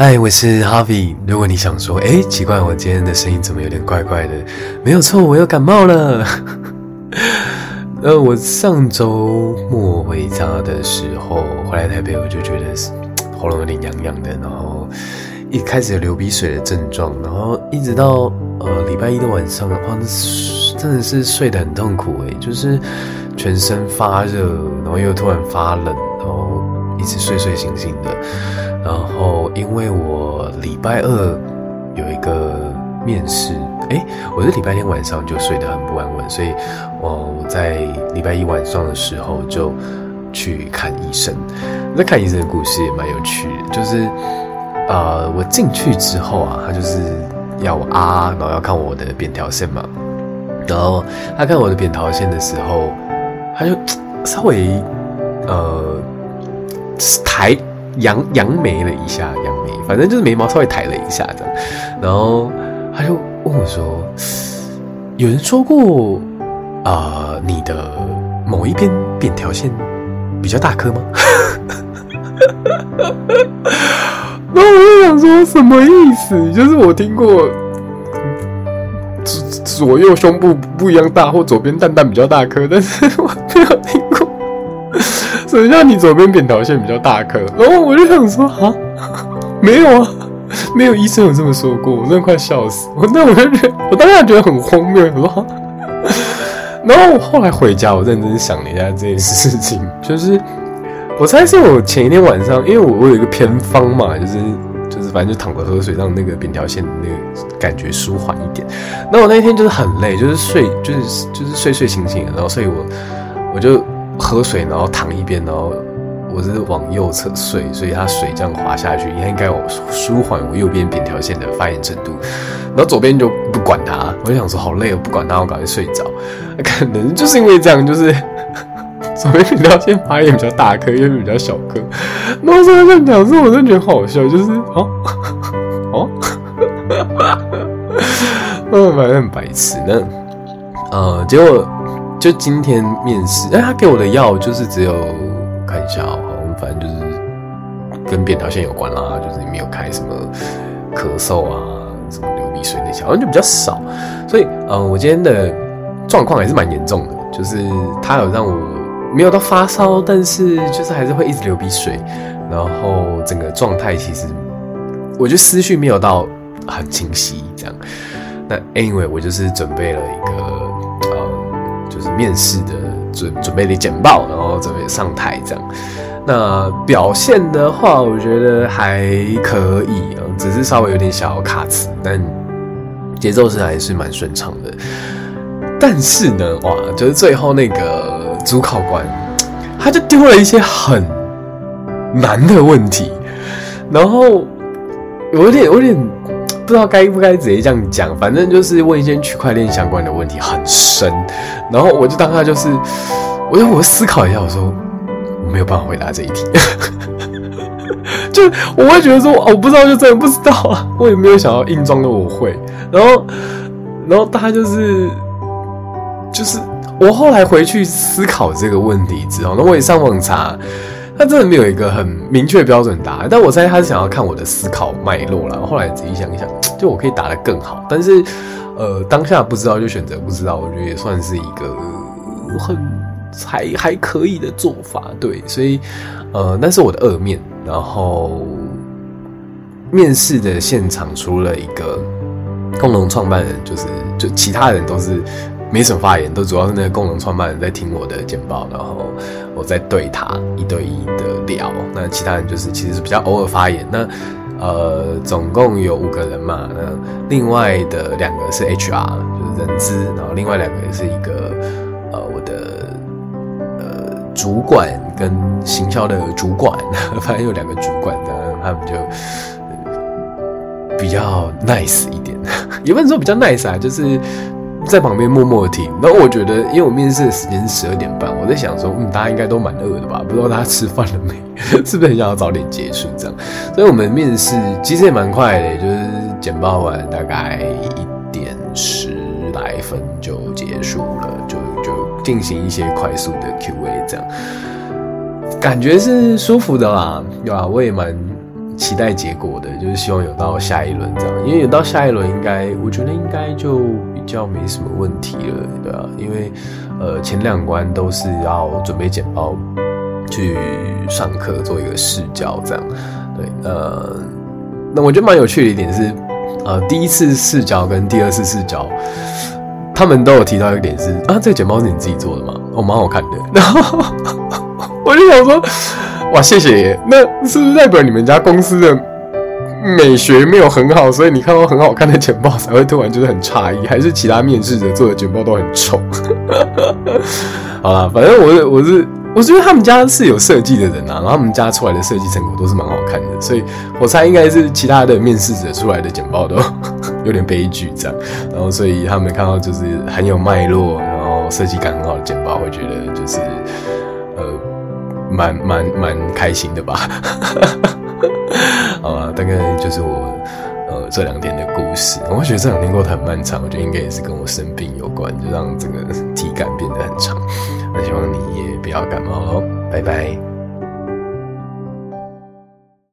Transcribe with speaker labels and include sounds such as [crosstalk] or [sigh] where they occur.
Speaker 1: 嗨，我是 Harvie 如果你想說，哎，奇怪，哦，我今天的聲音怎麼有點怪怪的？沒有錯，我又感冒了。 [laughs] 呃，我上周末回家的時候，回來台北，我就覺得喉嚨有點癢癢的，然後一開始有流鼻水的症狀，然後一直到呃禮拜一的晚上的話，真的是睡得很痛苦，欸，誒就是全身發熱，然後又突然發冷。是睡睡醒醒的，然後因為我禮拜二有一個面試，哎，我是禮拜天晚上就睡得很不安穩，所以我在禮拜一晚上的時候就去看醫生。那看醫生的故事也蠻有趣的，就是、呃、我進去之後啊，他就是要我啊，然後要看我的扁桃腺嘛，然後他看我的扁桃腺的時候，他就稍微呃。抬揚揚眉了一下，揚眉，反正就是眉毛稍微抬了一下，這樣。然後他就問我說：“有人說過，呃，你的某一邊扁桃腺比較大顆嗎？” [laughs] 然後我就想說，什麼意思？就是我聽過左左右胸部不一樣大，或左邊蛋蛋比較大顆，但是我沒有聽過。怎麼像你左邊扁桃腺比較大顆？然後我就想說啊，沒有啊，沒有醫生有這麼說過，我真的快笑死我我！我那我就覺得我當下覺得很荒謬，然後我後來回家，我認真想了一下這件事情，就是我猜是我前一天晚上，因為我我有一個偏方嘛，就是就是反正就躺著喝水讓那個扁桃腺那個感覺舒緩一點。那我那天就是很累，就是睡就是就是睡睡醒醒，然後所以我我就。喝水，然後躺一邊，然後我是往右側睡，所以它水這樣滑下去，應該應該我舒緩我右邊扁桃腺的發炎程度，然後左邊就不管它，我就想說好累了，我不管它，我趕快睡着、啊。可能就是因為這樣，就是左邊扁桃腺發炎比較大顆，右邊比較小顆。那我說在講這，我真的覺得好笑，就是哦哦，啊啊、 [laughs] [laughs] 我感覺很白痴呢，呃，結果。就今天面試，哎，他給我的藥就是只有看一下，喔，好像，反正就是跟扁桃腺有關啦，就是沒有開什麼咳嗽啊、什麼流鼻水那些，好像就比較少。所以，嗯、呃、我今天的狀況還是蠻嚴重的，就是他有讓我沒有到發燒，但是就是還是會一直流鼻水，然後整個狀態其實我覺得思緒沒有到很清晰，這樣。那 anyway，我就是準備了一個。就是面試的準準備的簡報，然後準備上台這樣。那表現的話，我覺得還可以啊，只是稍微有點小卡詞，但節奏是還是蠻順暢的。但是呢，哇，就是最後那個主考官，他就丟了一些很難的問題，然後有點有點。有點不知道該不該直接這樣講，反正就是問一些區塊鏈相關的問題，很深。然後我就當他就是，我就我思考一下，我說我沒有辦法回答這一題， [laughs] 就是、我會覺得說，哦，我不知道，就真的不知道啊。我也沒有想要硬裝的我會。然後，然後他就是，就是我後來回去思考這個問題之後，那我也上網查。他真的沒有一個很明確標準的答案，但我猜他是想要看我的思考脈絡啦。然後，後來仔細想一想，就我可以答得更好，但是，呃，當下不知道就選擇不知道，我覺得也算是一個很還還可以的做法，對。所以，呃，那是我的二面，然後面試的現場除了一個共同創辦人，就是就其他人都是。沒什麼發言，都主要是那個共同創辦人在聽我的簡報，然後我在對他一對一的聊。那其他人就是其實是比較偶爾發言。那呃，總共有五個人嘛，那另外的兩個是 HR，就是人資，然後另外兩個是一個呃我的呃主管跟行銷的主管，呵呵反正有兩個主管呢，那他們就比較 nice 一點，呵呵也不能說比較 nice 啊，就是。在旁邊默默的聽，然後我覺得，因為我面試的時間是十二點半，我在想說，嗯，大家應該都蠻餓的吧？不知道大家吃飯了沒？ [laughs] 是不是很想要早點結束這樣？所以我們面試其實也蠻快的，就是簡報完大概一點十來分就結束了，就就進行一些快速的 Q&A，這樣。感覺是舒服的啦，對、啊、吧？我也蠻。期待結果的，就是希望有到下一輪這樣，因為有到下一輪，應該我覺得應該就比較沒什麼問題了，對啊，因為呃，前兩關都是要準備簡報去上課做一個試教這樣，對，呃，那我覺得蠻有趣的一點是，呃，第一次試教跟第二次試教，他們都有提到一點是啊，這個簡報是你自己做的嗎？哦，蠻好看的，然後我就想說。哇，謝謝。那是不是代表你們家公司的美學沒有很好，所以你看到很好看的簡報才會突然就是很詫異？還是其他面試者做的簡報都很醜？ [laughs] 好啦，反正我是我是我是因為他們家是有設計的人啊，然後他們家出來的設計成果都是蠻好看的，所以我猜應該是其他的面試者出來的簡報都 [laughs] 有點悲劇這樣。然後所以他們看到就是很有脈絡，然後設計感很好的簡報，會覺得就是呃。蠻蠻蠻開心的吧，哈哈哈。好吧，大概就是我呃這兩天的故事。我覺得這兩天過得很漫長，我覺得應該也是跟我生病有關，就讓整個體感變得很長。那希望你也不要感冒哦，拜拜。